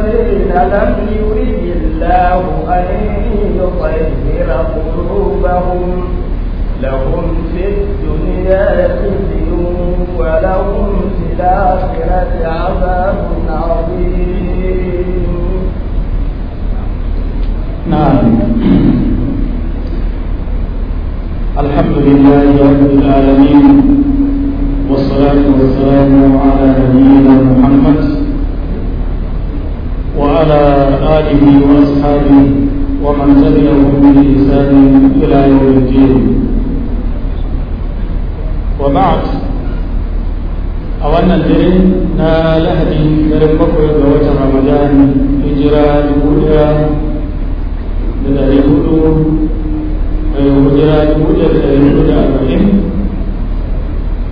الذين لم يرد الله أن يطهر قلوبهم لهم في الدنيا خزي ولهم في الآخرة عذاب عظيم نعم الحمد لله رب العالمين والصلاة والسلام على نبينا محمد وعلى آله وأصحابه ومن تبعهم بإحسان إلى يوم الدين وبعد أولنا الدين نا لهدي كرم بكر دوات رمضان إجراء الأولى بدأ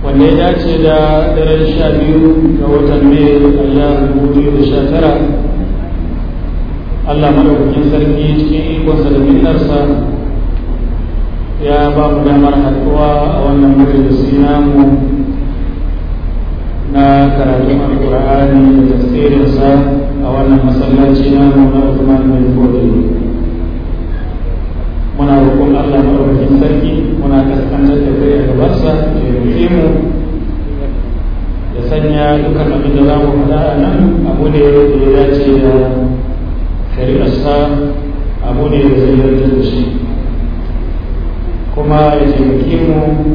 wanda ya dace da daren sha biyu ga watan mai allah rubutu da sha Allah madaukakin sarki cikin ikonsa da minarsa ya ba mu damar haɗuwa a wannan majalisi namu na karatun kur'ani da tasirinsa a wannan masallaci namu na Uthman bin Fodi muna roƙon Allah madaukakin sarki muna kaskantar da kai a gabansa ya rufe mu ya sanya dukkan abin da za mu faɗa a nan abu ne da ya dace da a sa abu ne da zai yarda da shi kuma ya taimake mu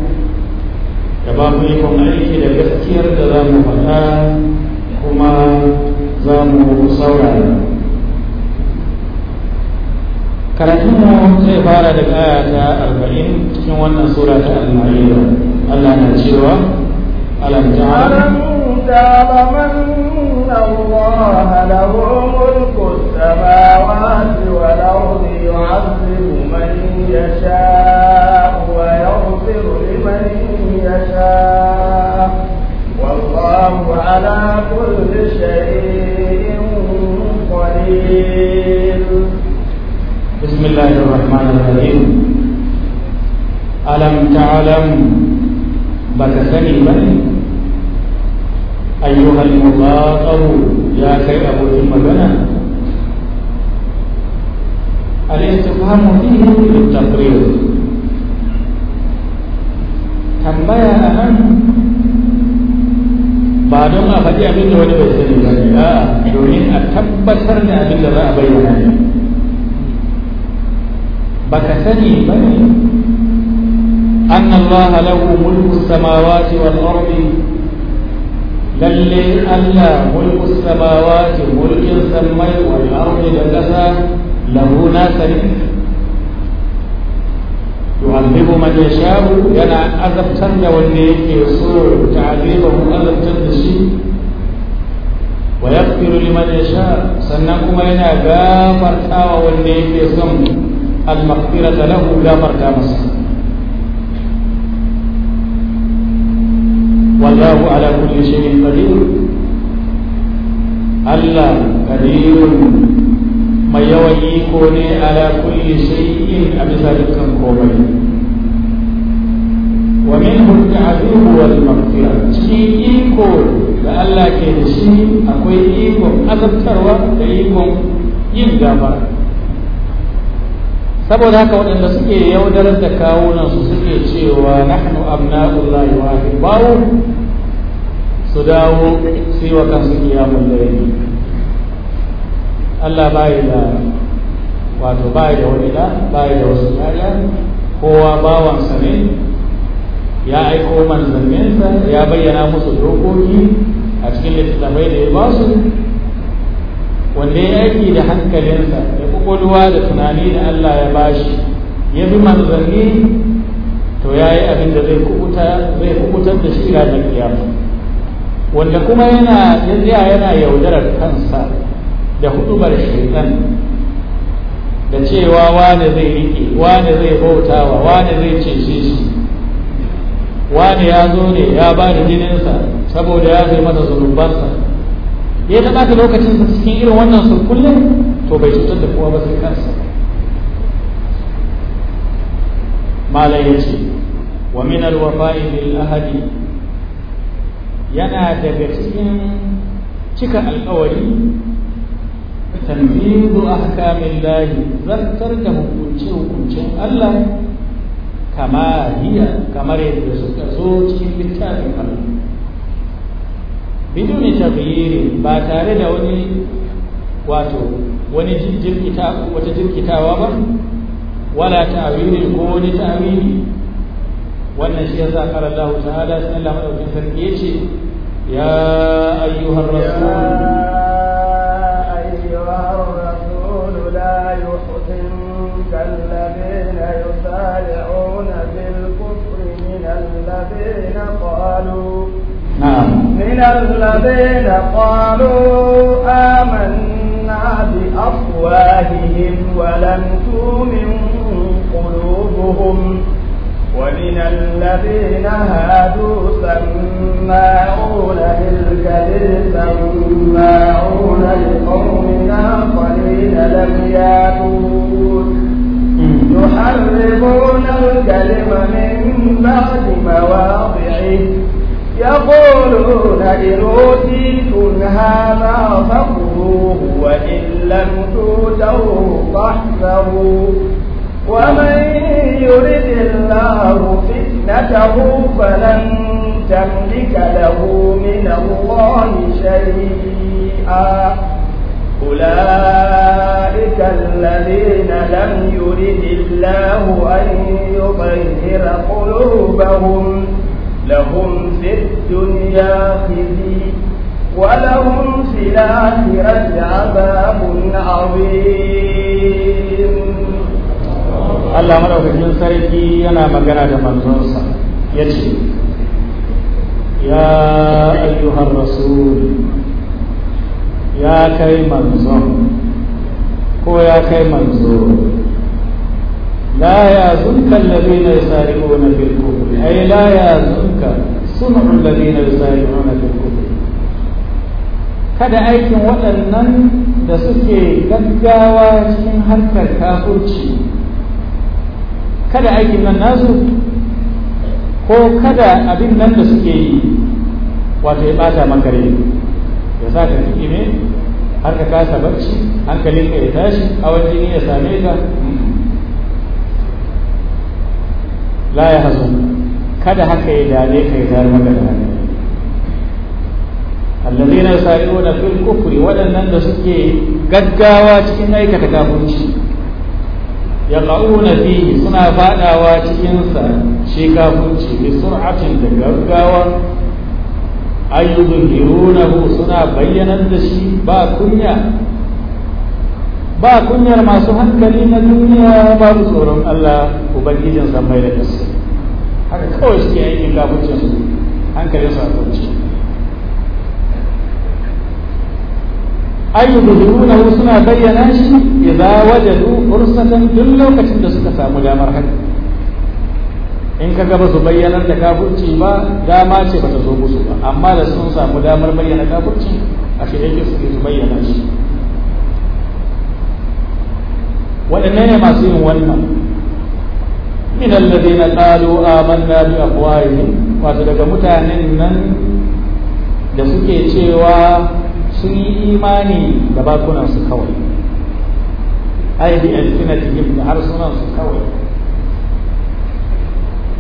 da ba mu kuma aiki da gaskiyar da za mu faɗa kuma za mu saurara mu zai fara da kaya ta arba'in cikin wannan sura ta al Allah na cewa alam ta'ala الكتاب من الله له ملك السماوات والأرض يعذب من يشاء ويغفر لمن يشاء والله على كل شيء قدير بسم الله الرحمن الرحيم ألم تعلم بك سني أيها المخاطب يا كي أبو المدنة الاستفهام فيه للتقرير tambaya a nan ba don a faɗi abin da wani bai sani ba ne a a tabbatar da abin da a bayyana ne ba sani ba ne an Allah lahu mulku lalle Allah mulku samawati mulkin sammai wal ardi da kasa lahu nasirin yu'adhibu man yasha'u yana azabtar da wanda yake so ta'adibahu azabtar da shi wa yaghfiru liman yasha sannan kuma yana gafarta wa wanda yake son al-maghfirata lahu gafarta masa والله على كل شيء قدير الله قدير ما يويكوني على كل شيء أبسالك كومي ومنه التعذيب والمغفرة شيء كل لألا كان شيء أقول إيكم أذكر وقت إيكم يبدأ saboda haka waɗanda suke yaudarar da kawunan su suke cewa nahnu abna'ullahi wa ahibbahu su dawo su yi wa kansu kiyamun yi Allah bai da wato bai da wani da bai da wasu kaya kowa bawansa ne ya aiko manzanninsa ya bayyana musu dokoki a cikin littattafai da ya ba su wanda ya aiki da hankalinsa ya kwakwalwa da tunani da Allah ya bashi ya bi manzanni to ya yi abin da zai kubutar da shi ranar kiyama wanda kuma yana yanzu yana yaudarar kansa da hudubar shaitan da cewa wane zai rike wane zai bautawa wane zai cece shi wane ya zo ne ya ba da jininsa saboda ya zai masa zunubansa ya ka lokacin lokacinsa cikin irin wannan kullum to bai cutar da kowa ba sai kansa malai ya ce wa min alwafa'i lil ahadi yana daga cikin cika alkawari tanbihu ahkamillahi zartar da hukunce hukuncin Allah kama hiya kamar yadda suka zo cikin littafin Allah biduni taghyiri ba tare da wani wato wani jirkita wata jirkitawa ba wala ta'wili ko wani ta'wili wannan shi yasa qala Allah ta'ala sallallahu alaihi wasallam yace يا أيها الرسول يا أيها الرسول لا يحزنك الذين يسارعون بالكفر من الذين قالوا نعم من الذين قالوا آمنا بأفواههم ولم تؤمن قلوبهم ومن الذين هادوا سماعون للكذب سماعون لقوم آخرين لم يأتون يحرمون الكلم من بعد مواضعه يقولون إن أوتيتم هذا فخذوه وإن لم توتوه فاحذروه ومن يرد الله فتنته فلن تملك له من الله شيئا أولئك الذين لم يرد الله أن يطهر قلوبهم لهم في الدنيا خزي ولهم في الآخرة عذاب عظيم Allah madaukakin sarki yana magana da manzonsa ya ce ya ayyuhar rasul ya kai manzon ko ya kai manzo la ya zunka lalabi na isari ko na birku ai la ya zunka suna lalabi na isari ko na birku kada aikin waɗannan da suke gaggawa cikin harkar kafurci kada aikin nan nasu ko kada abin nan da suke yi wato ya bata maka rai ya sa ka tuki ne har ka kasa barci hankalin ka ya tashi a wajen ya same ka la ya hasu kada haka ya dane ka ya zama da da allazina yasari'una fil kufri waɗannan da suke gaggawa cikin aikata kafirci ya ƙa'una fihi suna faɗawa cikinsa shi kafurci bi sur'atin da gaggawa ayyudhirunahu suna bayyanar da shi ba kunya ba kunyar masu hankali na duniya babu tsoron Allah ubangijin san bai da kasa haka kawai shi aikin kafurcin su hankalin su a kunci ay yudhiruna suna bayyana shi idza wajadu fursatan duk lokacin da suka samu damar haka in ka gaba su bayyana da kafurci ba dama ce ba ta zo musu ba amma da sun samu damar bayyana kafurci a shi yake suke su bayyana shi waɗanne ne masu yin wannan min alladhina qalu amanna bi afwahihim wato daga mutanen nan da suke cewa sun yi imani da su kawai ai bi alfinatihim da su kawai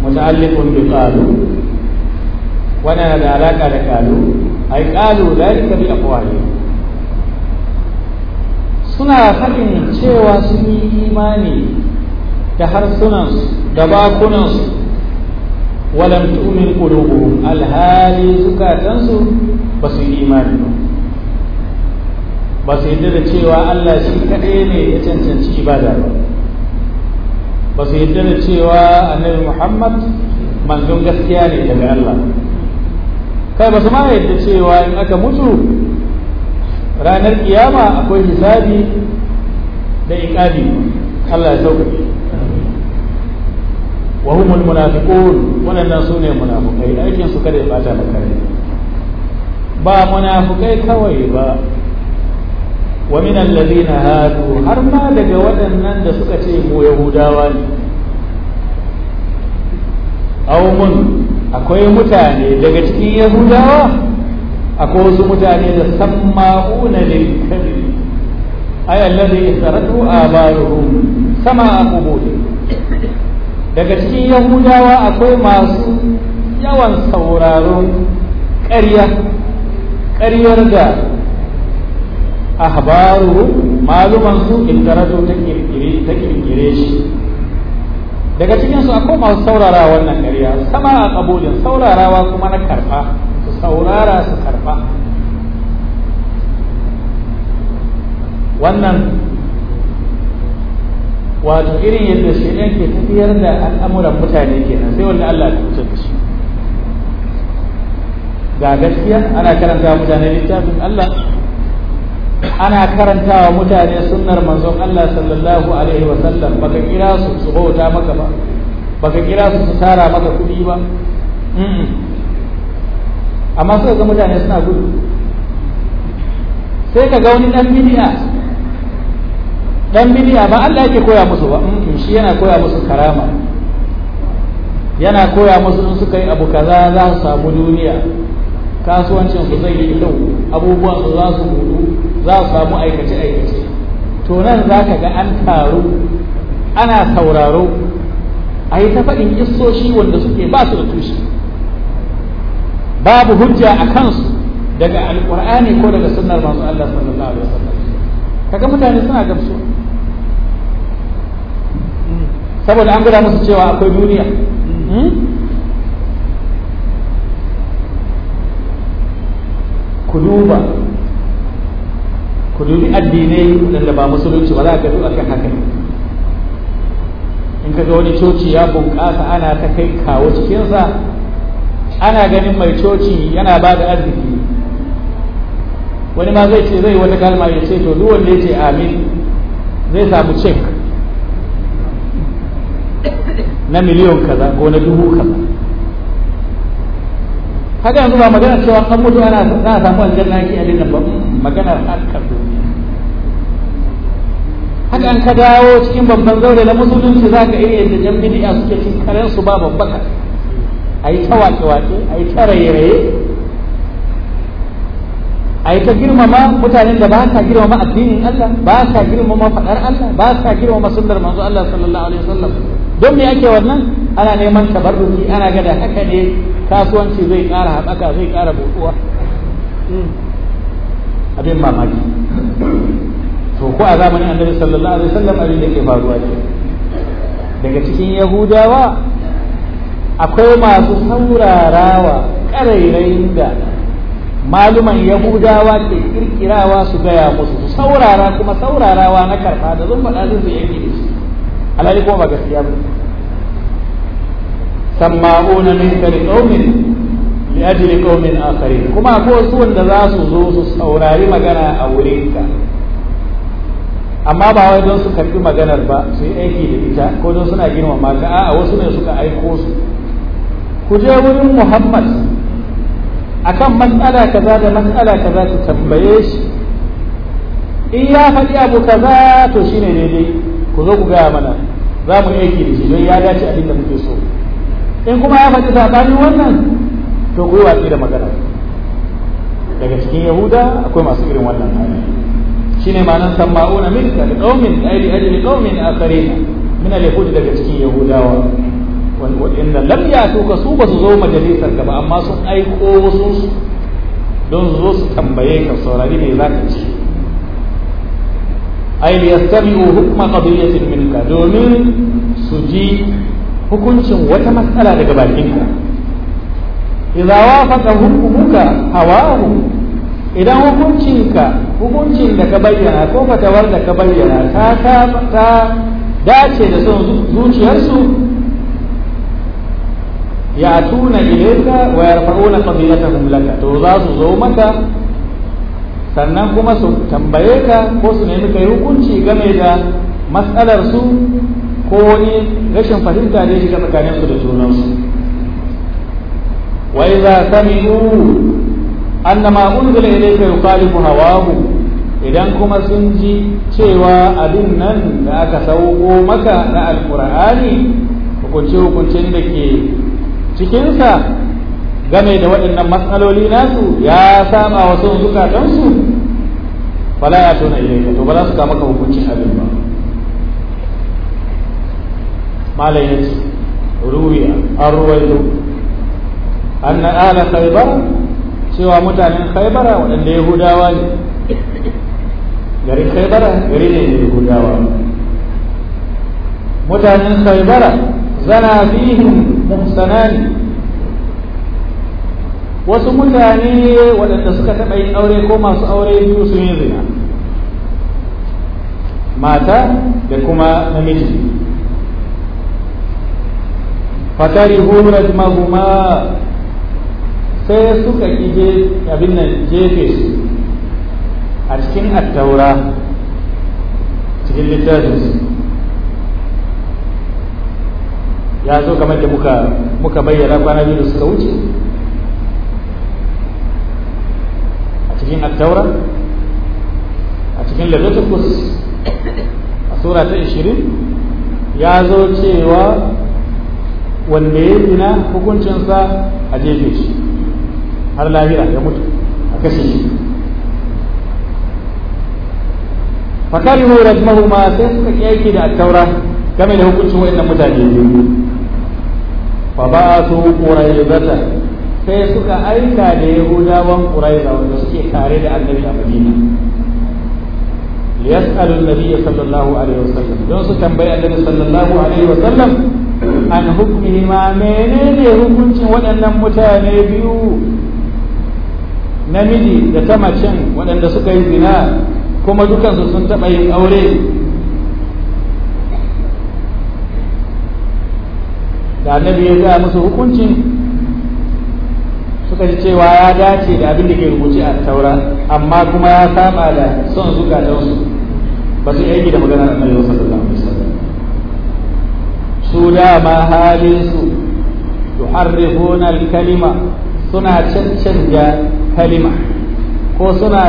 muta'alliqun bi qalu wannan da alaka da qalu ai qalu dalika bi aqwalihim suna faɗin cewa sun yi imani da harsunansu da bakunansu walam tu'min qulubuhum alhali zukatansu ba su yi imani ba ba su yadda da cewa Allah shi kaɗai ne ya cancanci ibada ba ba su yadda da cewa annabi Muhammad manzon gaskiya ne daga Allah kai ba su ma yadda cewa in aka mutu ranar kiyama akwai hisabi da iqabi Allah ya sauƙaƙe wa humul munafiqun wannan sune munafikai aikin su kada ya bata maka ba munafikai kawai ba wa min alladhina hadu har ma daga waɗannan da suka ce mu yahudawa ne aw mun akwai mutane daga cikin yahudawa akwai wasu mutane da samma'una lil kadhib ay alladhi saratu abaruhum sama qubuli daga cikin yahudawa akwai masu yawan sauraron ƙarya ƙaryar da ahbaru maluman su kirkiratu ta kirkire ta shi daga cikin su akwai masu saurara wannan ƙarya sama a kabulin saurarawa kuma na karfa, su saurara su karfa. wannan wato irin yadda shaidan ke tafiyar da al'amuran mutane kenan sai wanda Allah ya cutar da shi ga gaskiya ana karanta mutane littafin Allah ana karantawa mutane sunnar manzon Allah sallallahu alaihi wa sallam baka kira su su bauta maka ba baka kira su su tara maka kuɗi ba amma suka ga mutane suna gudu sai ka ga wani dan bid'a dan bid'a ba Allah yake koya musu ba shi yana koya musu karama yana koya musu in suka yi abu kaza za su samu duniya kasuwancin su zai yi kyau abubuwan su za su gudu. za su samu aikace aikace to nan za ka ga an taru ana sauraro a yi ta faɗin kissoshi wanda suke ba su da tushe babu hujja a kansu daga alƙur'ani ko daga sunnar masu Allah sallallahu alaihi wasallam kaga mutane suna gamsuwa saboda an gada musu cewa akwai duniya hmm? ku duba ku dubi addinai waɗanda ba musulunci ba za ka a kan haka in ka ga wani coci ya bunƙasa ana ta kai kawo cikinsa ana ganin mai coci yana ba da arziki wani ma zai ce zai wata kalma ya ce to duk wanda ya ce amin zai samu cek na miliyon kaza ko na dubu kaza haka yanzu ba magana cewa an mutu ana za a samu na ke abin nan ba maganar harkar duniya haka an ka dawo cikin babban zaure na musulunci za ka iya yadda jan bidiya suke cin karen su ba ka a yi ta wake-wake a yi ta raye-raye a yi ta girmama mutanen da ba sa girmama addinin Allah ba sa girmama faɗar Allah ba sa girmama sunnar manzo Allah sallallahu alaihi wasallam don me ake wannan ana neman tabarruki ana gada haka ne kasuwanci zai ƙara haɓaka zai ƙara buɗuwa hmm. abin mamaki to ko a zamanin annabi sallallahu alaihi wasallam abin da ke faruwa ne daga cikin yahudawa akwai masu saurarawa ƙarairayin da maluman yahudawa ke kirkirawa su gaya musu saurara kuma saurarawa na karfa da zan faɗa zai yake da su alhali kuma ba gaskiya ba سماعون منك لقوم لأجل قوم آخرين كما أقول سوى النزاس magana أوراري مغانا أورينك amma ba wai don su karfi maganar ba su yi aiki da ita ko don suna girmama ta a wasu ne suka aiko su ku je wurin muhammad akan matsala kaza da matsala kaza ku tambaye shi in ya faɗi abu kaza to shine dai-dai ku zo ku gaya mana za mu aiki da shi don ya dace abin da muke so in kuma ya faɗi saɓanin wannan to ku yi watsi da magana daga cikin yahuda akwai masu irin wannan hali shine ma'anar sama'una minka da qaumin ayli a qaumin akharin min al-yahudi daga cikin yahudawa wanda lam ka su ba su zo majalisar ka ba amma sun aiko wasu don su zo su tambaye ka saurari me za ka ci ay liyastami'u hukma qadiyatin minka domin su ji hukuncin wata matsala daga bakinka idza wafaqa hukmuka hawahu idan hukuncinka hukuncin da ka bayyana ko fatawar da ka bayyana ta ta dace da son zuciyarsu ya tuna ilaika wa yarfa'una fadilatahum laka to za su zo maka sannan kuma su tambaye ka ko su nemi kai hukunci game da matsalar su ko wani rashin fahimta ne shiga tsakanin su da junansu wa idza sami'u annama unzila ilayka yuqalibu hawahu idan kuma sun ji cewa abin nan da aka sauko maka na alkur'ani hukunce hukuncen da ke cikinsa game da waɗannan matsaloli nasu ya sama wasu zukatansu fala ya tona ilayka to ba za su kama ka hukuncin abin ba malam ya ruwiya an ruwaito an na ala khaibar cewa mutanen khaibara waɗanda yahudawa ne Gari khaibara gari ne da yahudawa mutanen khaibara zana fihin muhsanani wasu mutane waɗanda suka taɓa yin aure ko masu aure biyu su yi zina mata da kuma namiji Fatari fatarihu kuma sai suka kije abin nan jefe su a cikin attaura cikin littafin su ya zo kamar da muka muka bayyana kwana biyu da suka wuce a cikin attaura a cikin leviticus a sura ta 20 ya zo cewa wanda ya zina hukuncinsa a jefe shi har lahira ya mutu a kashe shi fakarihu rajmahuma sai suka kiyaki da attaura game da hukuncin waɗannan mutane biyu fa ba su zata sai suka aika da yahudawan da wanda suke tare da annabi a madina liyas'alu an-nabiy sallallahu alaihi wasallam don su tambayi annabi sallallahu alaihi wasallam an ma menene hukuncin waɗannan mutane biyu namiji da ta macen waɗanda suka yi zina kuma dukansu sun taɓa yin aure da annabi ya gaya musu hukuncin suka ji cewa ya dace da abin da ke rubuce a taura amma kuma ya saba da son zukatansu ba su yi aiki da maganar annabi sallallahu alaihi su dama halinsu yuharrifuna kalima suna cancanja kalima ko suna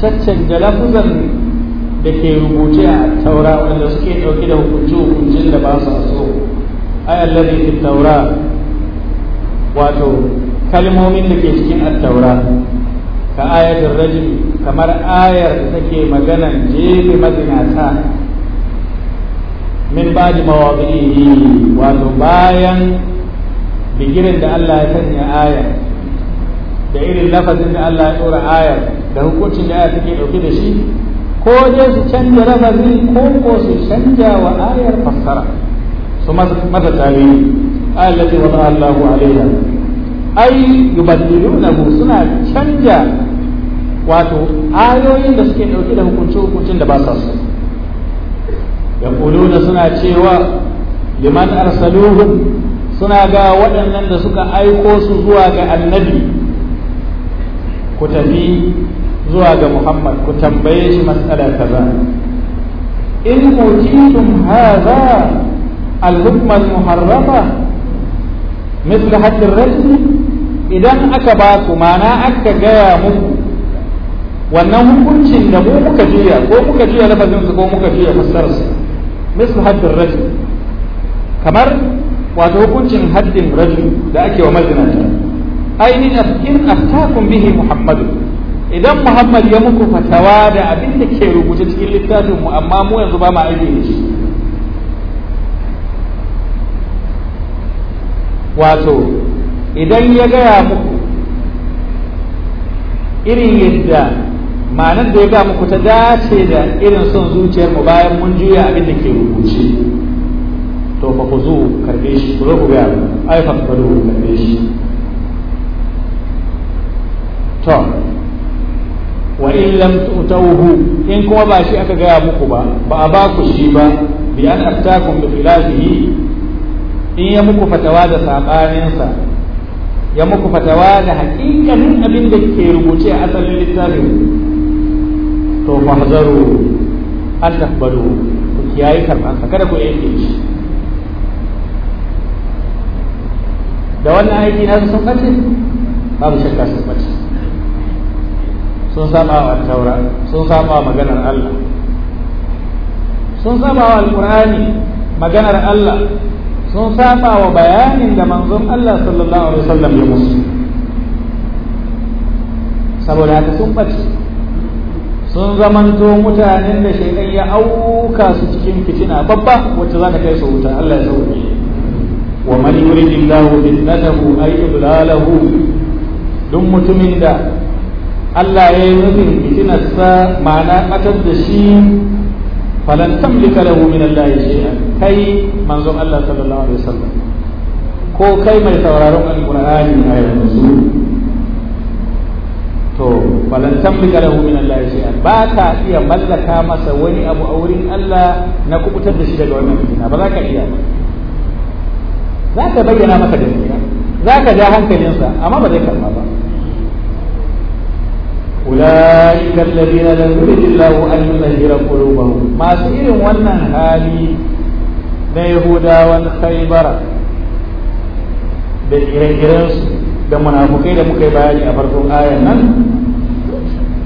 cancanja lafuzan da ke rubuce a taura wanda suke dauki da hukunci hukuncin da ba su so ayallazi fi taura wato kalmomin da ke cikin al-taura ka ayatul rajul kamar ayar da take maganan jefe mazinata min ba da mawaɗihi wato bayan bigirin da Allah ya sanya aya da irin lafazin da Allah ya ɗora aya da hukuncin da aya take ɗauke da shi ko dai su canja lafazi ko ko su canja wa ayar fassara su mata tare ayar lati wa Allahu alaiha ai mu suna canja wato ayoyin da suke ɗauke da hukunce hukuncin da ba sa su yaquluna suna cewa liman arsaluhum suna ga waɗannan da suka aiko su zuwa ga annabi ku tafi zuwa ga Muhammad ku tambaye shi matsala kaza in utitum hadha al-hukma al-muharrama مثل حد الرجل idan aka ba ku mana aka gaya muku wannan hukuncin da mu muka jiya ko muka jiya lafazin ko muka jiya fassararsa mislu haddin rajul kamar wato hukuncin haddin rajul da ake wa mazinata ainihin in aftakum bihi muhammadu idan muhammad ya muku fatawa da abin da ke rubuce cikin littafin mu amma mu yanzu ba ma aiki ne shi wato idan ya gaya muku irin yadda ma'anar da ya ga muku ta dace da irin son zuciyar mu bayan mun juya abin da ke rubuce to fa ku zo karbe shi ku zo ku ga ai fa ku zo shi to wa in lam tu'tuhu in kuma ba shi aka gaya muku ba ba a ba ku shi ba bi an aftakum bi khilafihi in ya muku fatawa da sabaninsa ya muku fatawa da hakikanin abin da ke rubuce a asalin littafin to fahzaru Allah taqbalu ku kiyaye karban sa kada ku yanke shi da wannan aiki na sun bace babu shakka sun bace sun saba wa taura sun saba maganar Allah sun saba wa alqur'ani maganar Allah sun saba wa bayanin da manzon Allah sallallahu alaihi wasallam ya musu saboda haka sun bace sun zamanto mutanen da shaidan ya auka su cikin fitina babba wacce za ta kai su wuta Allah ya sauke wa man yurid Allahu fitnatahu ay iblalahu duk mutumin da Allah ya yi nufin fitinarsa ma'ana atar da shi falan tamlika lahu min Allah shay'an kai manzon Allah sallallahu alaihi wasallam ko kai mai sauraron alqur'ani a yanzu to falan tamlika lahu min Allah shay'an ba ka iya mallaka masa wani abu a wurin Allah na kubutar da shi daga wannan fitina ba za ka iya za ka bayyana masa gaskiya za ka ja hankalinsa amma ba zai karba ba أولئك الذين لم يرد الله أن يطهر قلوبهم ما سئل ونن هالي na Yahudawan Khaibara da ire-irensu da munafukai da muka yi bayani a farkon ayan nan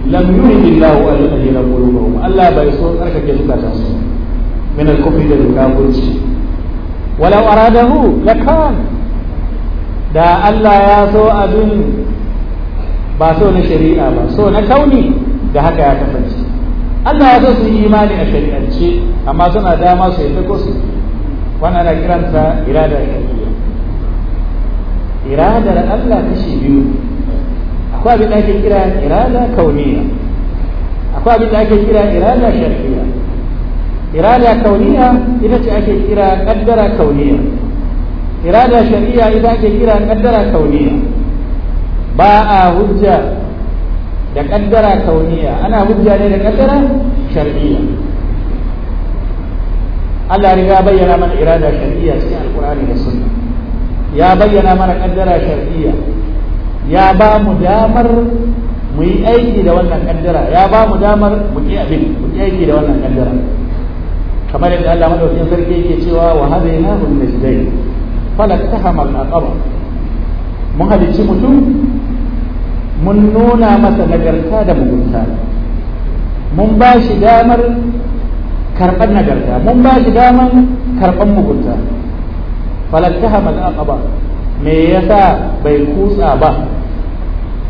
lam yurid Allah an yutahhira qulubahum Allah bai so tsarkake zukatansu min al-kufri da kafirci walau aradahu lakan da Allah ya so abin ba so na shari'a ba so na kauni da haka ya kasance Allah ya so su yi imani a shari'ance amma suna dama su yi ko su wannan ana kiranta irada shari'a iradar Allah kashi biyu akwai abin da ake kira irada kauniya akwai abin da ake kira irada shar'iyya irada kauniya ita ce ake kira kaddara kauniya irada shari'a ita ake kira kaddara kauniya ba a hujja da kaddara kauniya ana hujja ne da kaddara shar'iyya Allah riga bayyana mana irada shari'a cikin alkur'ani da sunna ya bayyana mana kaddara shar'iyya ya ba mu damar mu yi aiki da wannan kaddara ya ba mu damar mu yi abin mu yi aiki da wannan kaddara kamar yadda Allah madaukakin sarki yake cewa wa hadaina hum najdain falaqtahama al-aqaba mun halicci mutum mun nuna masa nagarta da mugunta mun ba shi damar karɓar nagarta mun ba shi damar karɓar mugunta falantaha man aqaba me yasa bai kutsa ba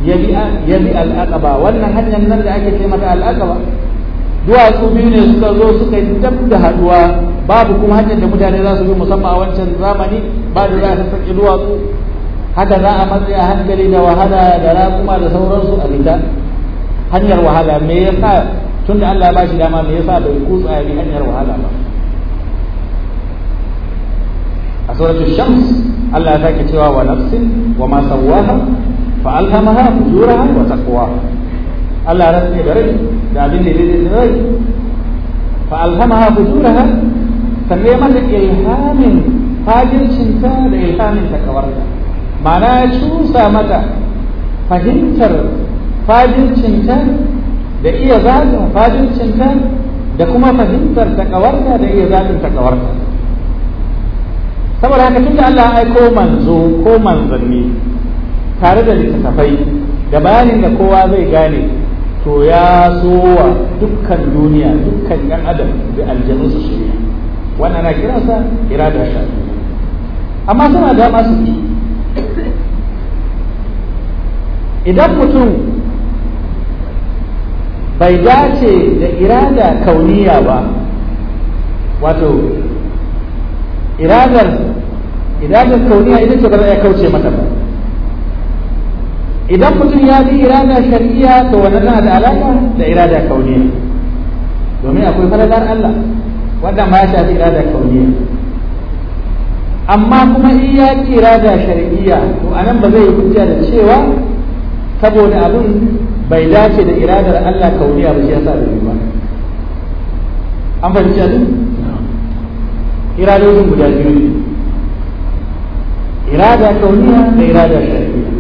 yabi yabi al-aqaba wannan hanyar nan da ake ce mata al-aqaba duwatsu biyu ne suka zo suka yi dab da haduwa babu kuma hanyar da mutane za su bi musamman a wancan zamani ba da za a sassaki duwatsu haka za a matsayi a hankali da wahala da raƙuma da sauransu a fita hanyar wahala me yasa tun da Allah ba shi dama me yasa bai kutsa ya bi hanyar wahala ba a suratul shams Allah ya sake cewa wa nafsin wa ma sawaha fa alhamaha fujuraha wa taqwaha Allah ya rantsa da rai da abin da yake da rai fa alhamaha fujuraha sannan ya mata ilhamin fajircinta da ilhamin ta ma'ana ya cusa mata fahimtar fajircinta da iya zaɓin fajircinta da kuma fahimtar takawarta da iya zaɓin takawarta saboda haka tunda Allah ya aiko manzo ko manzanni tare da littattafai da bayanin da kowa zai gane to ya wa dukkan duniya dukkan ɗan adam da aljanu su shirya wannan ana sa irada sha amma suna da masu yi idan mutum bai dace da irada kauniya ba wato iradar iradar kauniya ita ce ba za a kauce mata ba idan mutum ya bi irada shari'a to wannan na da alaka da irada kauniya domin akwai faradar Allah wannan ma ya shafi irada kauniya amma kuma in ya ki irada shari'a to anan ba zai hujja da cewa saboda abin bai dace da iradar Allah kauniya ba shi yasa da ba an fahimci iradojin guda biyu ne irada kauniya da irada shari'a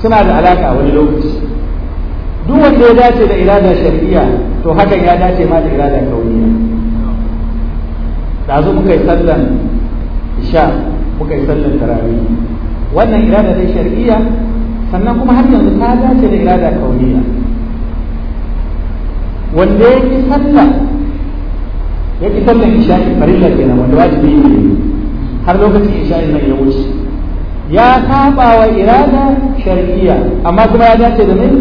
suna da alaka wani lokaci duk wanda ya dace da irada shari'a to hakan ya dace ma da irada kauniya da zo muka yi sallan isha muka yi sallan tarawih wannan irada ta shari'a sannan kuma har yanzu ta dace da irada kauniya wanda ya ki sallah ya ki sallar isha'i farilla nan wanda wajibi ne har lokacin isha'i nan ya wuce ya saba wa irada shar'iyya amma kuma ya dace da mai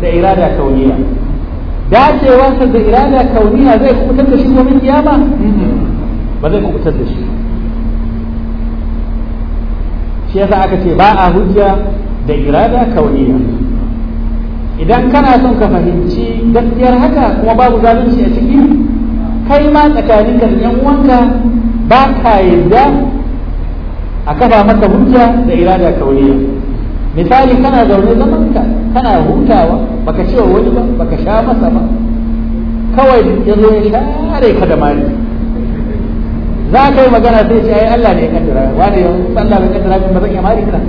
da irada kauniya dacewarsa da irada kauniya zai kubutar da shi domin kiyama ba zai kubutar da shi shi yasa aka ce ba a hujja da irada kauniya idan kana son ka fahimci gaskiyar haka kuma babu zalunci a ciki kai ma tsakanin da yan wanka ba ka yadda a kafa maka hujja da irada kauniya misali kana zaune ka kana hutawa baka ce wani ba baka sha masa ba kawai ya zo ya share ka da mali za ka yi magana sai ce ai Allah ne ya kaddara wani ya Allah ya kaddara ba zan iya mali kira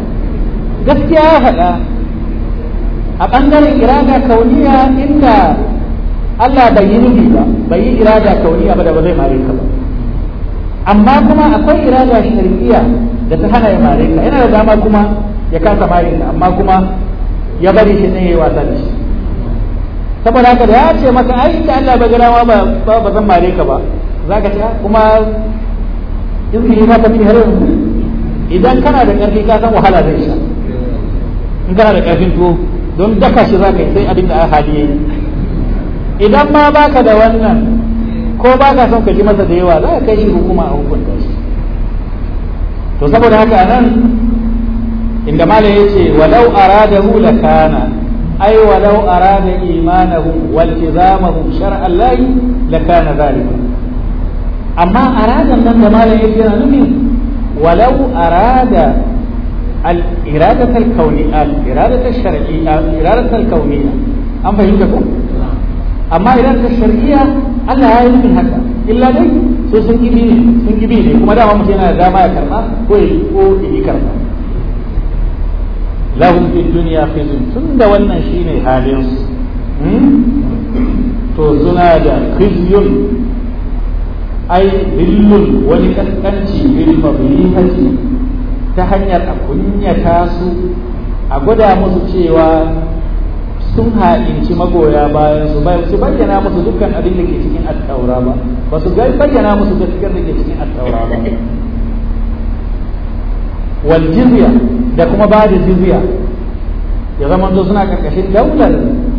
gaskiya ya faɗa a ɓangaren irada kauniya inda Allah bai yi nufi ba bai yi irada kauniya ba da ba zai mare ka ba amma kuma akwai irada shari'iyya da ta hana ya mare ka yana da dama kuma ya kasa mare ka amma kuma ya bari shi ne ya yi wasa da shi saboda haka da ya ce maka ai da Allah ba gara ba ba zan mare ka ba za ka ta ah, kuma in yi maka min har yanzu idan kana da karfi ka san wahala zai sha in kana da karfin tuwo don daka shi za yi sai a dinga a hali yayi idan ma baka da wannan ko baka son ka ji masa da yawa za ka kai hukuma a hukunta shi to saboda haka nan inda mala ya ce walau arada hu la ai walau arada imanahu wal tizamahu shar'a Allah la kana zalima amma aradan nan da mala ya ce na nufi walau arada al iradatul kauni an fahimta ko amma idan ta shari'a Allah ya yi nufin haka illa dai so sun gibi ne sun gibi ne kuma dama mutum yana da dama ya karɓa ko ya ko ya yi karba lahum fi dunya khizun da wannan shine halin su hmm? to suna da khizyun ai billun wani kaskanci bil fadihati ta hanyar a kunyata su a gwada musu cewa sun haɗinci magoya bayan su bayan su bayyana musu dukkan abin da ke cikin attaura ba ba su bayyana musu gaskiyar da ke cikin attaura ba wal jizya da kuma ba da jizya ya zama to suna karkashin daular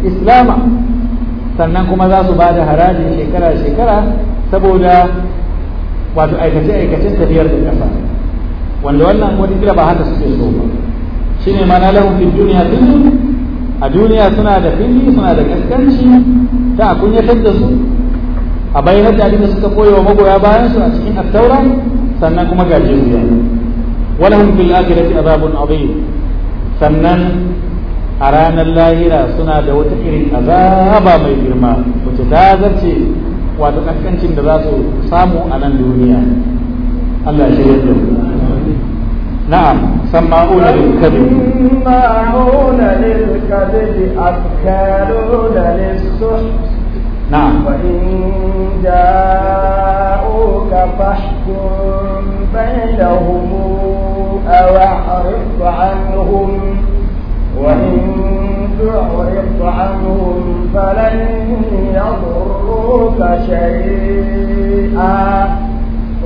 islama sannan kuma za su ba da harajin shekara shekara saboda wato aikace aikacen tafiyar da kasa wanda wannan wani kira ba haka suke so ba shine ma na lahu fi dunya khizyun a duniya suna da fili suna da kaskanci ta a kunyatar da su a bayyanar da suka koya wa magoya bayan su a cikin attaura sannan kuma ga jizya walahum fil akhirati azabun azim sannan a ranar lahira suna da wata irin azaba mai girma wacce ta zace wato kaskancin da za su samu a nan duniya Allah shirya da mu نعم سماعون للكذب سماعون للكذب أكالون للسحت نعم وإن جاءوك فاحكم بينهم أو أعرض عنهم وإن تعرض عنهم فلن يضروك شيئا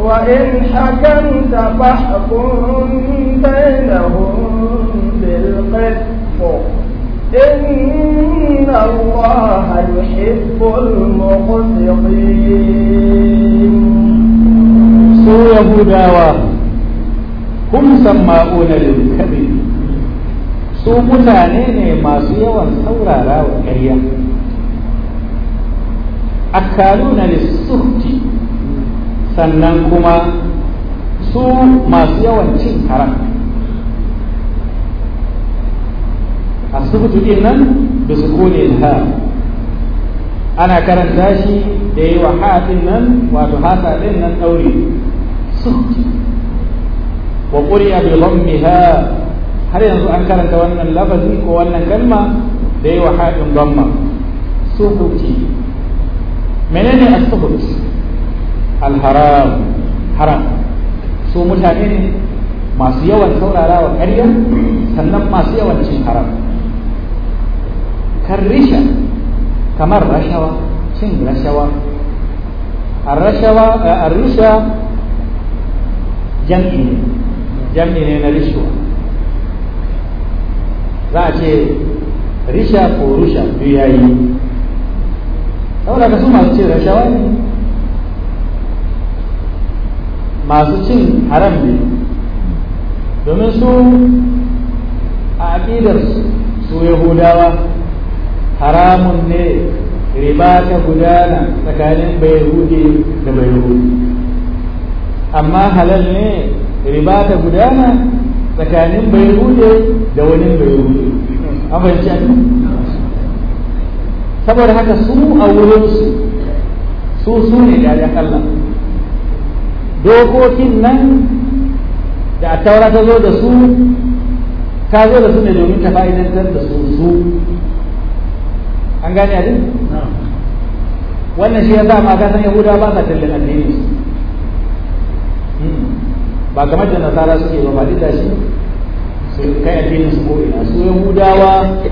وإن حكمت فاحكم بينهم بالقسط إن الله يحب المقسطين سو يهوداوا هم سماؤون للكبير سو mutane ne masu yawan saurara wa ƙarya sannan kuma su masu yawan cin haram a subutu din nan da su kone ha ana karanta shi da yi wa haɗin nan wato hasa ɗin nan ɗauri su wa ƙuri'a bi ha, har yanzu an karanta wannan lafazi ko wannan kalma da yi wa haɗin dhamma subuti menene as alharam haram so mutane ne masu yawan saurara wa ƙarya sannan masu yawan cin haram kan risha kamar rashawa cin rashawa eh, jam'i ne na جمع Za a ce رشا ko rusha biyayi saboda ka su masu ce rashawa ne masu cin haram ne domin su a aƙidarsu su yahudawa haramun ne riba ta gudana tsakanin bai bayahudi da bai bayahudi amma halal ne riba ta gudana tsakanin bai bayahudi da wani bayahudi an fahimci saboda haka su a wurinsu su su ne daren Allah dokokin nan da taura ta zo da su ka zo da su ne domin ta fa'idantar da su su an gane abin wannan shi ya sa ma gasan yahuda ba sa tallin addini hmm. ba kamar da nasara suke ba ba da shi su kai addinin su ko ina? su yahudawa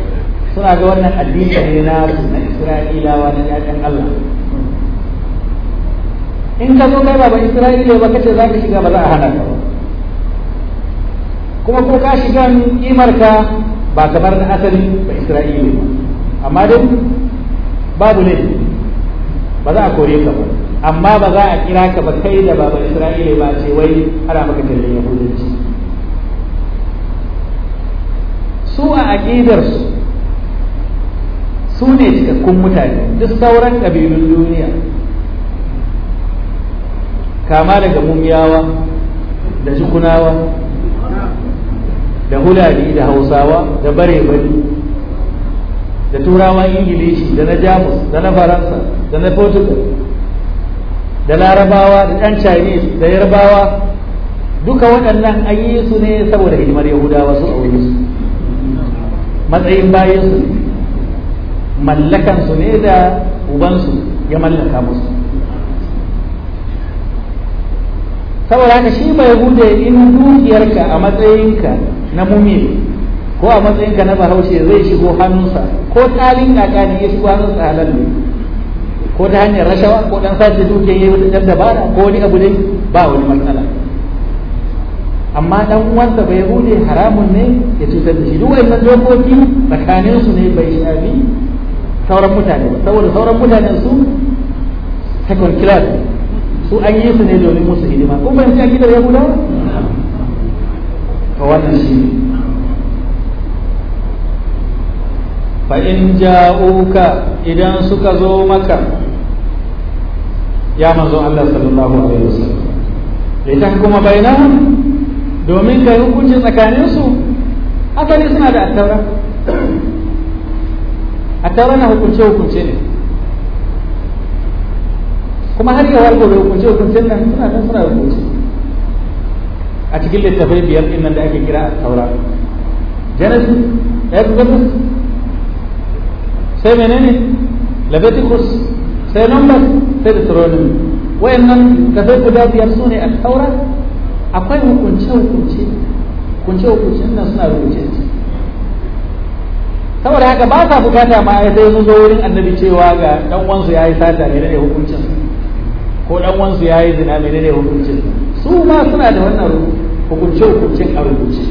suna ga wannan addini ne na na isra'ilawa na yaƙin allah in ka zo kai baban isra'ila ba kace za ka shiga ba za a hana ka kuma ko ka shiga imarka ba kamar na asali ba isra'ila ba amma dai babu ne ba za a kore ka ba amma ba za a kira ka ba kai da baba isra'ila ba ce wai ana maka kallon yahudanci su a aƙidarsu su ne cikakkun mutane duk sauran ƙabilun duniya kama daga mumiyawa da jikunawa da hulali da hausawa da barebari da turawan ingilishi da na jamus da na faransa da na portugal da larabawa da ɗan chinese da yarbawa duka waɗannan an yi su ne saboda hidimar yahudawa su aure su matsayin bayan su mallakan su ne da ubansu ya mallaka musu saboda haka shi bai hude in dukiyarka a matsayinka na mumini ko a matsayinka na bahaushe zai shigo hannunsa ko tsalin na ne ya shigo hannunsa halal ne ko ta hanyar rashawa ko dan sace dukiyar yayi wata dabara ko wani abu dai ba wani matsala amma dan uwansa bai hude haramun ne ya cutar da shi duk wannan dokoki su ne bai shafi sauran mutane ba saboda sauran mutanen su second class su an yi su ne domin musu hidima kun fahimci a gidan yahuda ka wannan shi ne fa in ja'uka idan suka zo maka ya manzo Allah sallallahu alaihi wasallam kuma baina domin kai hukunci tsakanin su asali suna da attaura attaura na hukunce hukunce ne kuma har yawar gobe hukunce hukuncen nan suna nan suna hukunci a cikin littafai biyar ɗin nan da ake kira a taura genesis exodus sai menene leviticus sai numbers sai deuteronomy wayannan kafai guda biyar su ne a taura akwai hukunce hukunce hukunce hukuncen nan suna rubuce saboda haka ba sa bukata ma sai sun zo wurin annabi cewa ga dan wansu yi sata ne da hukuncin ko dan wansu ya yi zina menene hukuncin su ma suna da wannan hukunce hukuncin a rubuce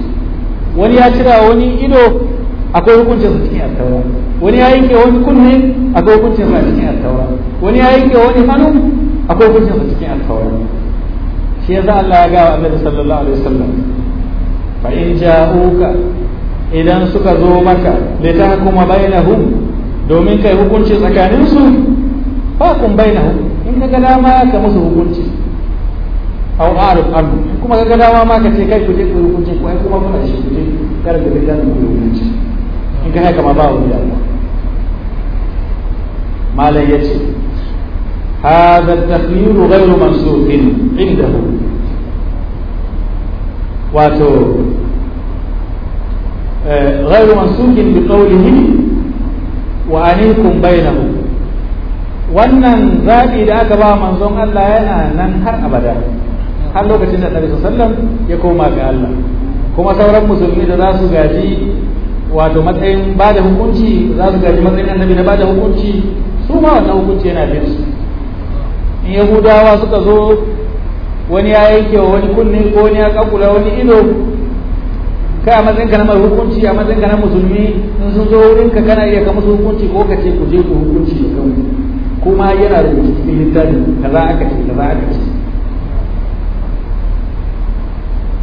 wani ya cira wani ido akwai hukuncin su cikin attaura wani ya yanke wani kunne akwai hukuncin su cikin attaura wani ya yanke wani hannu akwai hukuncin su cikin attaura shi yasa Allah ya ga Annabi sallallahu alaihi wasallam fa in ja'uka idan suka zo maka litahkuma bainahum domin kai hukunci tsakaninsu fa kun bainahum in ka ga ma ka musu hukunci aw arif anhu kuma ka ga dama ma ka ce kai ku je ku hukunci ko ai kuma kuna shi ku je kar da bidan ku hukunci in ka haka ma ba wani damuwa malam yace هذا التخيير غير منسوخ عنده واتو غير منسوخ wannan zaɓi da aka ba manzon Allah yana nan har abada har lokacin da Annabi sallallahu ya koma ga Allah kuma sauran musulmi da za su gaji wato matsayin ba da hukunci za su gaji matsayin Annabi na ba da hukunci su ma wannan hukunci yana bin su in Yahudawa suka zo wani ya yanke wa wani kunne ko wani ya kakula wani ido kai a matsayin ka na mai hukunci a matsayin ka na musulmi in sun zo wurin ka kana iya ka musu hukunci ko ka ce ku je ku hukunci da kanku kuma yana da cikin littafin kaza aka ce kaza aka ce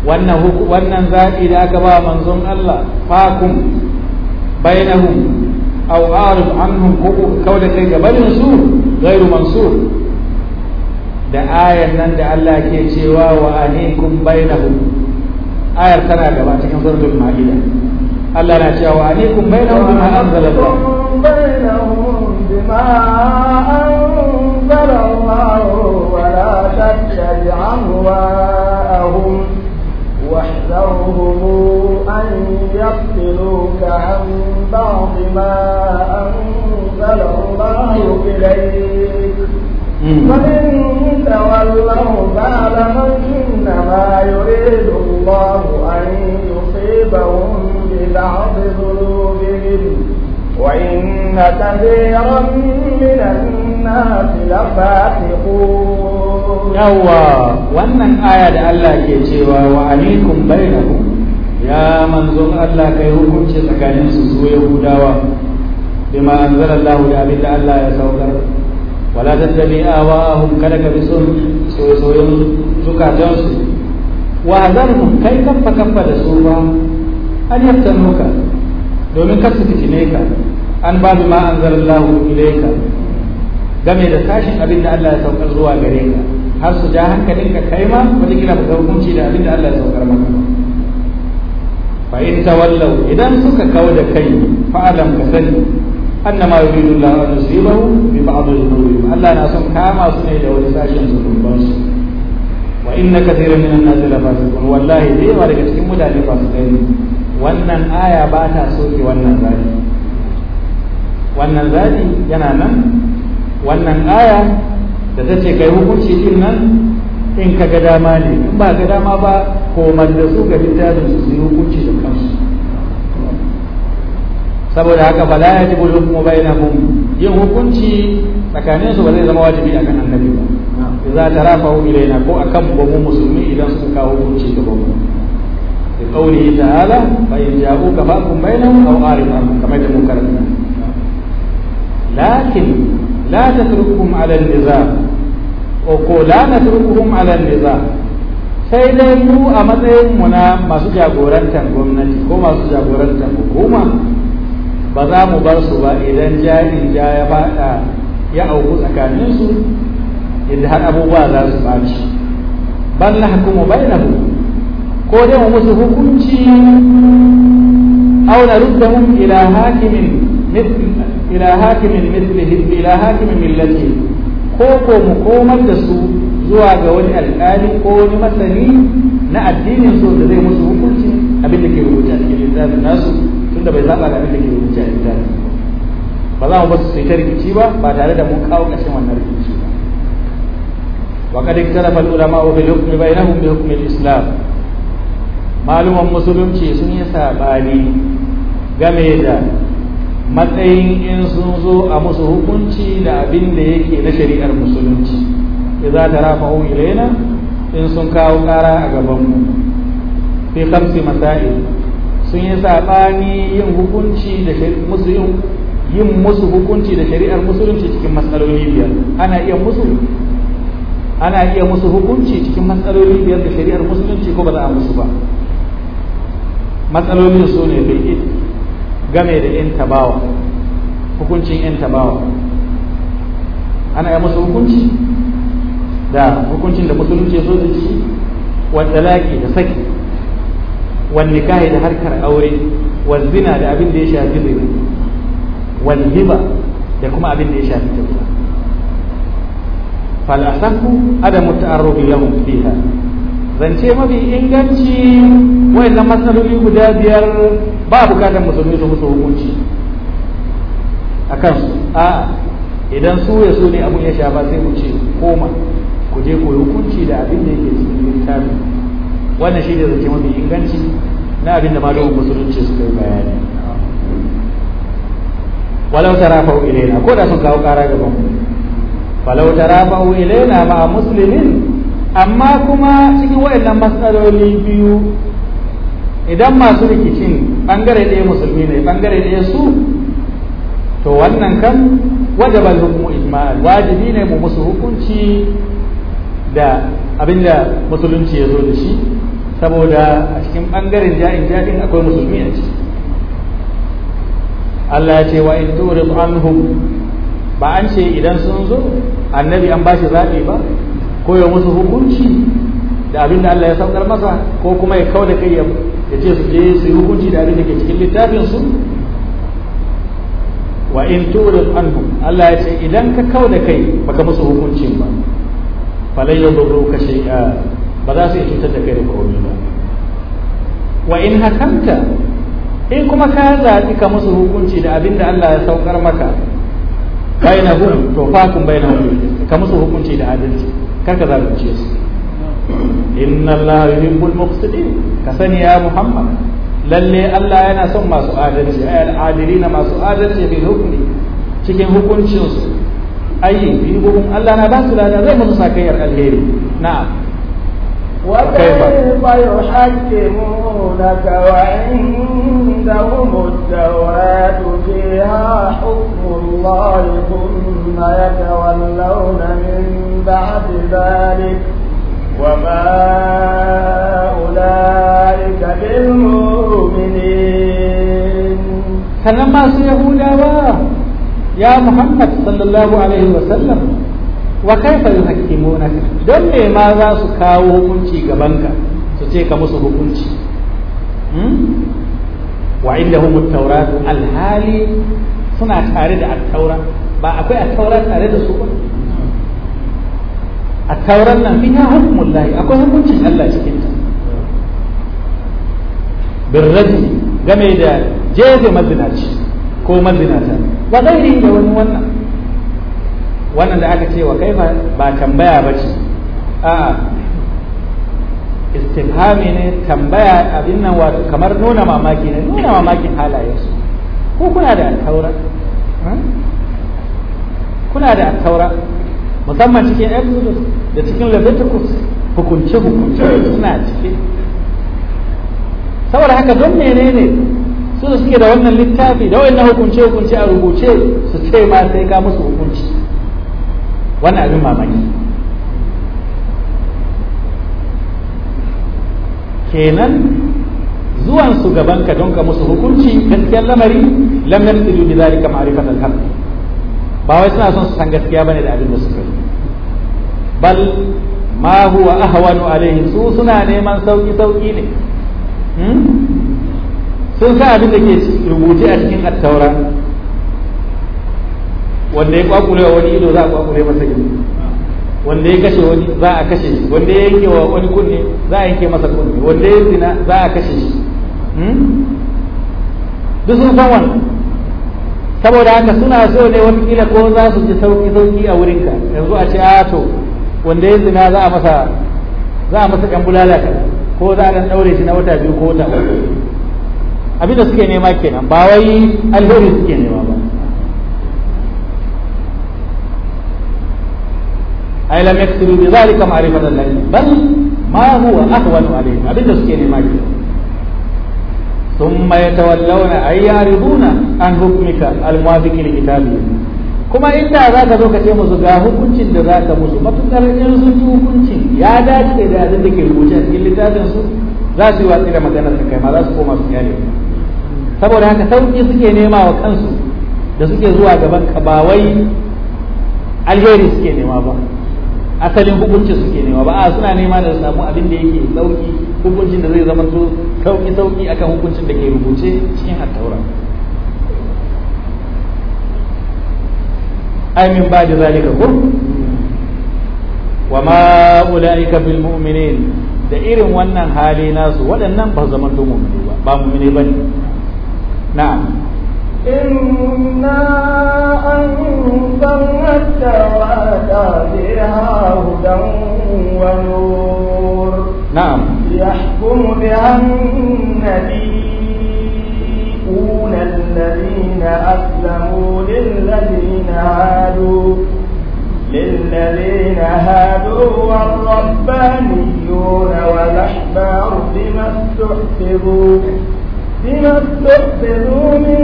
wannan wannan zaɓi da aka ba manzon Allah fakum bainahum aw arif anhum ko kauda kai gabanin su ghairu mansur da ayar nan da Allah ke cewa wa anikum bainahum ayar tana gaba cikin suratul maida Allah na cewa wa anikum bainahum ma anzala Allah ما أنزل الله ولا تتبع أهواءهم واحذرهم أن يفتنوك عن بعض ما أنزل الله إليك فإن تولوا فاعلم إنما يريد الله أن يصيبهم ببعض ذنوبهم وإن كثيرا من الناس لفاسقون يوا wannan aya da Allah ke cewa wa alaikum bainakum ya manzon Allah kai hukunci tsakanin su su Yahudawa bima anzalallahu da Allah ya saukar wala tattabi awahum kada ka bi sun soyoyin zukatansu wa azarhum kai kaffa kaffa da su ba domin kar su fitine ka an ba ma an zarallahu ilaika game da tashin abin da Allah ya saukar zuwa gare ka har su ja hankalin ka kai ma wata kila ba hukunci da abin da Allah ya saukar maka fa in tawallau idan suka kawo da kai fa alam ka sani annama yuridu Allah an yusibahu bi ba'd al Allah na son kama su ne da wani sashin zunuban su wa inna kathiran min an-nas la fasiqun wallahi dai wa daga cikin mutane fasikai ne wannan aya ba ta soke wannan zafi, wannan zafi yana nan wannan aya da ta ce kai hukunci din nan in ka ga dama ne in ba ga dama ba ko da ga littafin su su hukunci da kansu saboda haka ba la ya ji bulu kuma bai na yin hukunci tsakanin su ba zai zama wajibi a kan annabi ba za ta rafa hukunci ilaina ko akan bamu musulmi idan suka kawo hukunci da babu. لقوله تعالى فإن جاءوك فأكم بينهم أو أعرض عنهم كما يتمكن لكن لا تتركهم على النزاع ko la natrukuhum ala niza sai dai mu a matsayin mu na masu jagorantar gwamnati ko masu jagorantar hukuma ba za mu bar su ba idan jari ja ya bada ya auku tsakanin su idan har abubuwa za su baci bal nahkumu bainahum ko dai mu musu hukunci aw naruddahum ila hakimin mithl ila hakimin mithlihi ila hakimin millati ko ko mu komar da su zuwa ga wani alƙali ko wani masani na addinin su da zai musu hukunci abin da ke rubuta cikin littafin nasu tunda bai zaba da abin da ke rubuta a littafin ba za mu ba su yi ta rikici ba ba tare da mun kawo ƙashin wannan rikici ba وقد اختلف العلماء في الحكم بينهم بحكم Islam. maluman musulunci sun yi saɓani game da matsayin in sun zo a musu hukunci da abin da yake na shari'ar musulunci idza tarafahu ilaina in sun kawo ƙara a gabanmu fi kamsi masail sun yi saɓani yin hukunci da musu yin yin musu hukunci da shari'ar musulunci cikin matsaloli biyar ana iya musu ana iya musu hukunci cikin matsaloli biyar da shari'ar musulunci ko ba za a musu ba matsalolin su ne bil'id game da yan tabawa hukuncin yan tabawa ana yi masu hukunci da hukuncin da musulunci so da shi wadda laƙi da saki wani nikahi da harkar aure wani zina da abin da ya shafi zina wani hiba da kuma abin da ya shafi tafiya falasanku adamu ta'arrubi yawon fiye zance mafi inganci na matsaloli guda biyar ba bukatar musulmi su musu hukunci a kansu a idan su ya so ne abun ya sha ba sai ku ce koma ku je ku hukunci da abin da yake cikin littafi wannan shi ne zance mafi inganci na abin da malamin musulunci suka yi bayani walau tarafa'u ilaina ko da sun kawo kara gaban mu falau tarafa'u ilaina ma muslimin amma kuma cikin wayannan matsaloli biyu idan masu rikicin bangare ɗaya musulmi ne bangare ɗaya su to wannan kan wajabar hukumu ijma'al wajibi ne mu musu hukunci da abinda musulunci ya zo da shi saboda a cikin bangaren ja'in ja'in akwai musulmi a ciki Allah ya ce wa in turid anhum ba an ce idan sun zo annabi an ba shi zaɓi ba ko ya musu hukunci da abin da Allah ya saukar masa ko kuma ya da kai ya ce su je su yi hukunci da abin da ke cikin littafin su wa in turid anhu Allah ya ce idan ka da kai baka musu hukuncin ba falai yadurruka shay'a ba za su yi cutar da kai da komai ba wa in hakanta in kuma ka zaɓi ka musu hukunci da abin da Allah ya saukar maka bainahum to fakun bainahum ka musu hukunci da adalci karka zalunce su inna allaha yuhibbul muqsitin ka sani ya muhammad lalle allah yana son masu adalci ayal adilina masu adalci bil hukmi cikin hukuncinsu su ayi bi allah na ba su lada zai musu sakayyar alheri na'am وكيف يحكمونك وعندهم التوراة فيها حكم الله ثم يتولون من بعد ذلك وما أولئك بالمؤمنين فلما ما سيهودا يا محمد صلى الله عليه وسلم wa kaifa yuhakkimunaka don me ma za su kawo hukunci gabanka su ce ka musu hukunci hmm? wa indahum at-taurat al-hali suna tare da at-taura ba akwai at-taura tare da su ba at-tauran nan fiha hukmullahi akwai hukuncin Allah cikin ta birraji game da jeje mazinaci ko mazinata wa gairi da wani wannan wannan da aka ce wa kaifa ba tambaya ba ce a'a istifhami ne tambaya abin nan wato kamar nuna mamaki ne nuna mamakin halayensu ko kuna da taura kuna da taura musamman cikin exodus da cikin leviticus hukunce hukunce suna ciki saboda haka don menene su suke da wannan littafi da wannan hukunce hukunce a rubuce su ce ma sai ka musu wannan abin mamaki kenan zuwan su gaban ka don ka musu hukunci gaskiyar lamari lam yarsidu bi zalika ma'rifat al-haqq ba wai suna son su san gaskiya bane da abin da suka yi bal ma huwa ahwanu alaihim su suna neman sauki sauki ne hmm? sun sa abin da ke rubuce a cikin attaura wanda ya kwakule wani ido za a kwakule masa ido wanda ya kashe wani za a kashe shi wanda ya yanke wa wani kunne za a yanke masa kunne wanda ya zina za a kashe shi hmm? duk sun san wannan saboda haka suna so ne kila ko za su ji sauki sauki a wurin ka yanzu a ce a ah, to wanda ya zina za a masa za a masa yan bulala ko za a dan daure shi na wata biyu ko wata uku abinda suke nema kenan ba wai alheri suke nema ba ai lam yaktubu bi zalika ma'rifatan lahi bal ma huwa ahwanu alayhi da suke nema ke thumma yatawallawna ay yariduna an hukmika al-muwafiq li kuma inda za ka zo ka ce musu ga hukuncin da za ka musu matuƙar in sun hukuncin ya dace da abin da ke rubuce a cikin littafin su za su yi watsi da maganar ka kai ma za su koma su kyale saboda haka sauƙi suke nema wa kansu da suke zuwa gaban ka alheri suke nema ba asalin hukuncin suke nema ba a suna nema da samu abin da yake sauki hukuncin da zai zama sauki sauki akan hukuncin da ke rubuce cikin hattaura ai min ba da zalika ko wa ma ulaika bil mu'minin da irin wannan hali nasu waɗannan ba zaman mu'mini ba ba mu'mini bane na'am إنا أنزلنا التوراة بها هدى ونور نعم يحكم بها النبيون الذين أسلموا للذين هادوا للذين هادوا والربانيون والأحبار بما استحفظوا بما استحسنوا من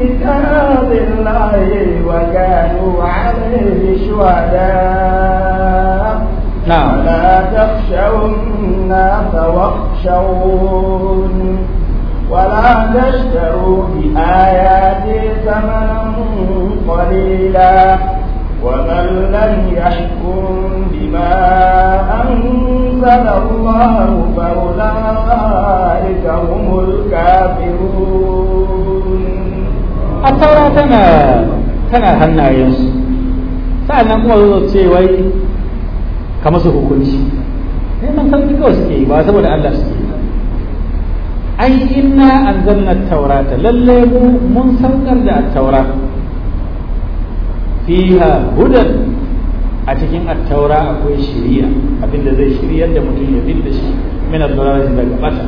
كتاب الله وكانوا عليه شهداء نعم لا تخشوا الناس واخشون ولا تشتروا بآياتي ثمنا قليلا ومن لم يحكم بما أنزل الله فأولئك هم الكافرون التوراة تنا تنا hannayensu sa'annan kuma zo ce wai ka masa hukunci neman sauki kawai suke yi ba saboda Allah suke yi ai inna anzalna taurata lalle mu mun saukar da taurata fiha hudan a cikin attaura akwai shiriya abinda zai shiryar da mutum ya bin da shi min ad-dalalati daga bata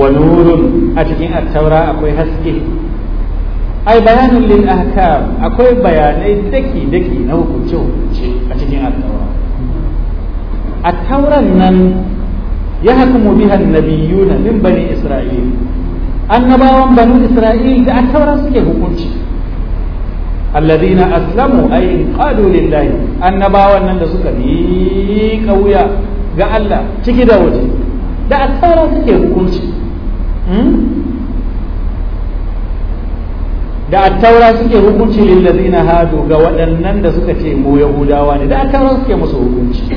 wa nurun a cikin attaura akwai haske ai bayanin lil ahkam akwai bayanai dake-dake na hukunce hukunce a cikin attaura attauran nan ya hukumu biha annabiyuna min bani isra'il annabawan banu isra'il da attaura suke hukunci alladhina aslamu ay qalu lillahi annabawan nan da suka yi kauya ga Allah ciki da waje da asara suke hukunci hmm? da attaura suke hukunci lillazina hadu ga waɗannan da suka ce mu yahudawa ne da attaura suke musu hukunci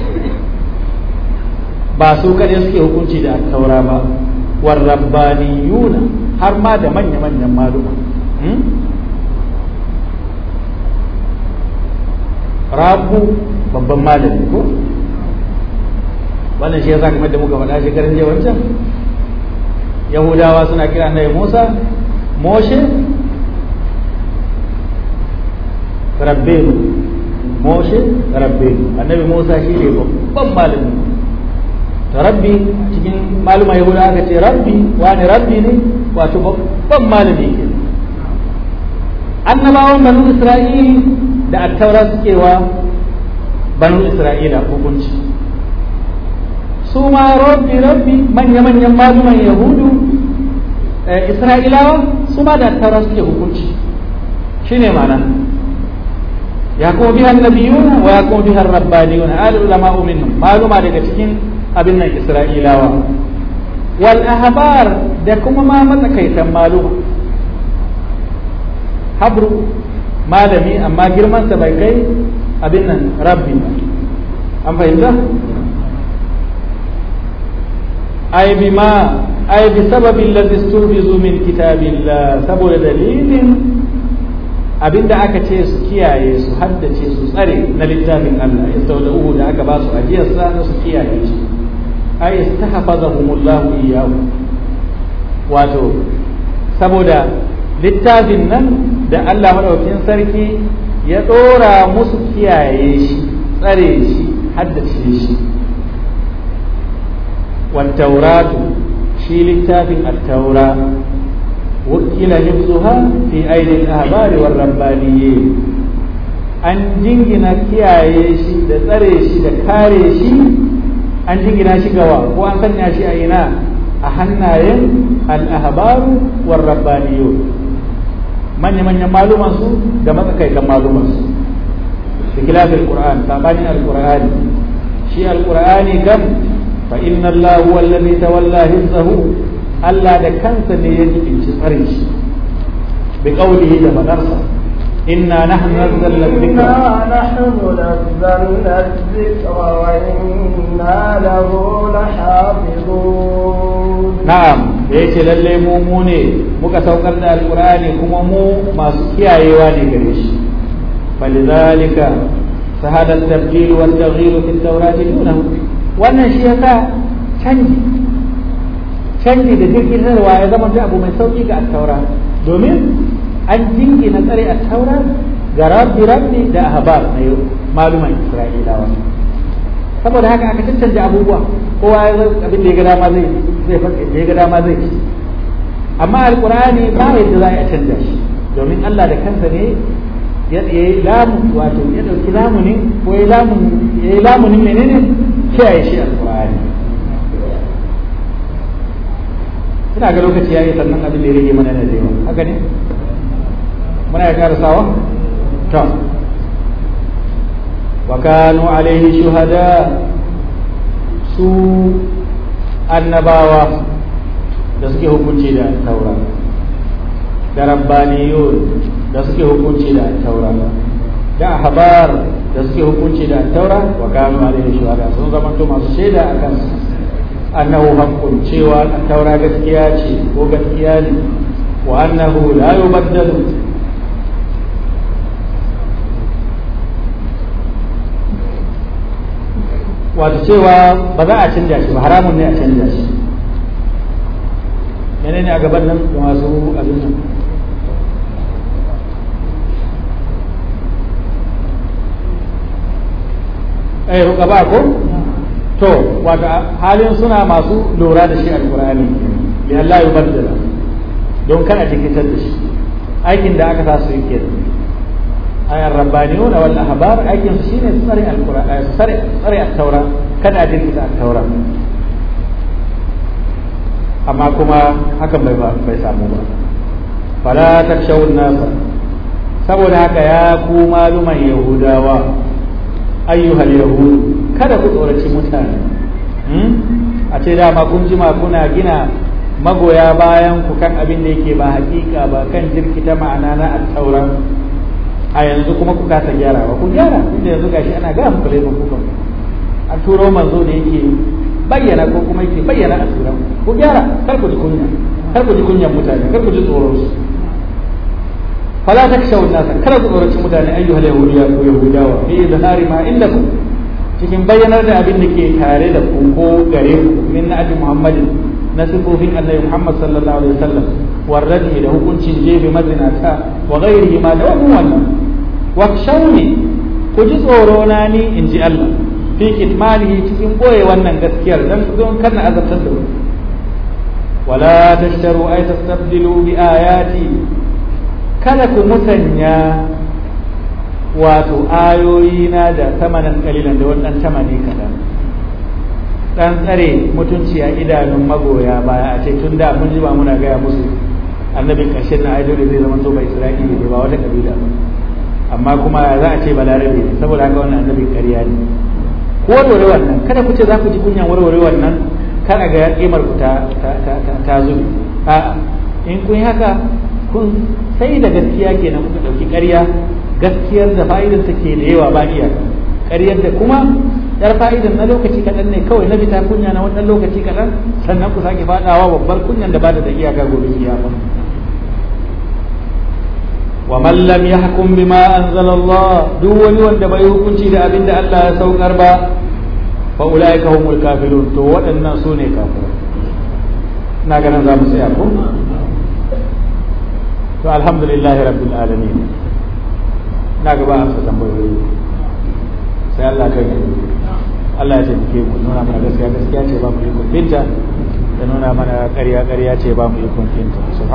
ba su kadai suke hukunci da attaura ba rabbaniyuna har ma da manya-manyan maluma hmm? rabu babban malami ko wannan shi ya sa kamar da muka faɗa shekarun jiya wancan yahudawa suna kira annabi Musa Moshe rabbenu Moshe rabbenu annabi Musa shi ne babban malami Ta rabbi cikin maluma yahudawa aka ce rabbi wani rabbi ne wato babban malami ke annabawan banu Isra'il da attaura suke wa banu isra'ila hukunci su ma rabbi rabbi manya-manyan maluman yahudu eh, isra'ilawa su ma da attaura suke hukunci ne mana ya kuma biha nabiyuna wa ya kuma biha rabbaniyuna alul ulama'u minhum maluma daga cikin abin nan isra'ilawa wal ahbar da kuma ma matsakaitan maluma habru malami amma girmansa bai kai abin nan rabbi ba an fahimta ai bi ma ai bi sababin ladhi min kitabillah saboda dalilin abin da aka ce su kiyaye su haddace su tsare na littafin Allah ya sau da uhu da aka ba su ajiyar sa su kiyaye shi ai istahfazahumullahu iyyahu wato saboda littafin nan da Allah maɗaukin sarki ya ɗora musu kiyaye shi tsare shi haddace shi wattauratu shi littafin attaura wakila hifzuha fi ainihin a war rabbaniye an jingina kiyaye shi da tsare shi da kare shi an jingina shi gawa ko an sanya shi a ina a hannayen al'ahabaru ahbaru war rabbaniyun manya-manyan maluman su da matsakaitan maluman su da kilafin qur'an sabanin alqur'ani shi alqur'ani kam fa inna allaha huwa tawalla hizzahu allah da kansa ne ya jibinci tsarin shi bi qawlihi da madarsa inna نحن نزلنا الذكر إنا da yake lalle mu mu ne muka saukar da alkur'ani kuma mu masu kiyayewa ne gare shi falidhalika wannan shi yasa canji canji da jirgitarwa ya zama da abu mai sauki ga attaura domin an jingina tsare attaura ga rabbi rabbi da ahbar na maluman isra'ilawa saboda haka aka cancanta abubuwa kowa ya abin da ya ga dama zai zai da ya ga dama zai ci amma alqur'ani ba yadda za a canja shi domin Allah da kansa ne ya yi lamu wato ya dauki ne ko ya lamu ya yi lamunin menene kiyaye shi alqur'ani ina ga lokaci yayi sannan abin da ya rage mana na da yawa haka ne muna ya karasawa to wa kanu alaihi shuhada su annabawa da suke hukunci da taura da rabbaniyun da suke hukunci da taura da habar da suke hukunci da taura wa kanu alaihi shuhada sun zama to masu shaida akan annahu haqqun cewa taura gaskiya ce ko gaskiya ne wa annahu la yubaddalu wato cewa ba za a canja shi ba haramun ne a canja shi yana ne a gaban nan da masu abin nan ai ruka ba ko to wato halin suna masu lura da shi alqur'ani ya Allah ya baddala don kada tikitar da shi aikin da aka sa su yi kenan ayar rabbaniyun wal ahbar aikin su shine tsare alqur'ani tsare tsare at-taura kada jirkita at-taura amma kuma hakan bai bai samu ba fala takshawun nas saboda haka ya ku maluman yahudawa ayyuhal yahud kada ku tsoraci mutane a ce dama kun jima kuna gina magoya bayan ku kan abin da yake ba hakika ba kan ta ma'ana na at-taura a yanzu kuma ku kasa ba ku gyara inda yanzu gashi ana ga muku mu ku a turo manzo da yake bayyana ko kuma yake bayyana a turan ku gyara kar ku ji kunya kar ku ji kunya mutane kar ku ji tsoron su fala takshawun nasa kar ku tsoraci mutane ayyuhal yahudiya ko yahudawa fi izhari ma indakum cikin bayyanar da abin da ke tare da ku ko gare ku min na abi muhammadin na sifofin annabi muhammad sallallahu alaihi wasallam warradi da hukuncin jefe mazinata wa gairi ma da wannan wakshawni ku ji tsoro na ni in ji Allah fi kitmanihi cikin boye wannan gaskiyar dan don kana azabtar da wani wala tashtaru ay tastabdilu bi ayati kada ku musanya wato ayoyi na da tamanan kalilan da wannan tamani kadan dan tsare mutunci a idanun magoya baya a ce tun da mun ji ba muna gaya musu annabi ƙarshen na ajo da zai zama to bai isra'ili ba wata kabila ba amma kuma za a ce balarabe ne saboda haka wannan annabi kariya ne ko warware wannan kada ku ce za ku ji kunyan warware wannan kar a ga ƙimar ku ta ta zo a in kun haka kun sai da gaskiya kenan kuka ɗauki ƙarya gaskiyar da fa'idar ta ke da yawa ba iya ƙaryar da kuma yar fa'idar na lokaci kaɗan ne kawai na fita kunya na wannan lokaci kaɗan sannan ku sake faɗawa babbar kunyan da ba da iyaka gobe kiyama wa man lam yahkum bima anzala Allah duk wani wanda bai hukunci da abinda Allah ya saukar ba fa ulaika humul kafirun to waɗannan su ne kafirai ina ganin za mu tsaya ko to alhamdulillahi rabbil alamin na ga ba amsa tambayoyi sai Allah kai Allah ya taimake mu nuna mana gaskiya gaskiya ce ba mu ikon binta da nuna mana ƙarya ƙarya ce ba mu yi ikon binta